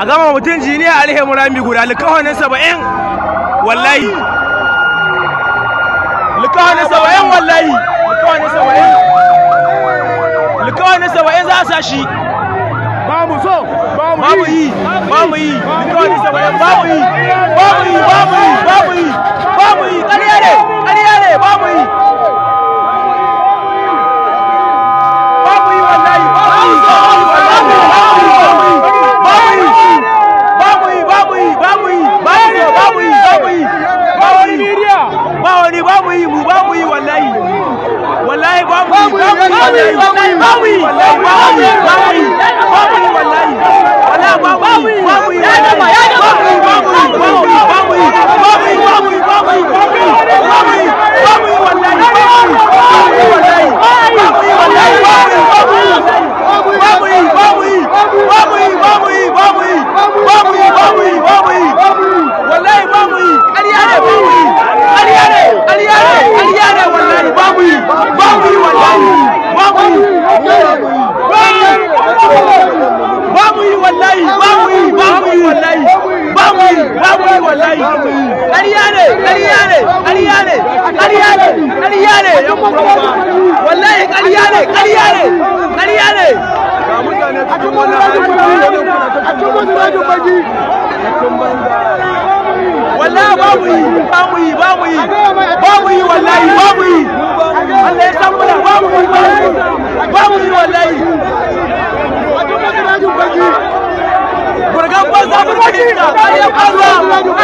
a gama mutum jiniya alhemu rami guda likahonin saba'in wallahi likahonin saba'in wallahi likahonin saba'in likahonin saba'in za a sa shi ba so ba yi ba mu yi likahonin saba'in ba mu yi ba yi ba yi ba yi ba yi yi mu ba mu yi wallahi wallahi ba mu yi ba mu yi wallahi ba mu yi wallahi ba mu yi babu yi wallahi ne ƙarya ne ƙarya ne ƙarya ne ƙarya ne yan wallahi ne ƙarya ne ƙarya ne a cikin wani rajin a cikin wani rajin wallahi babu yi babu yi Ya Allah.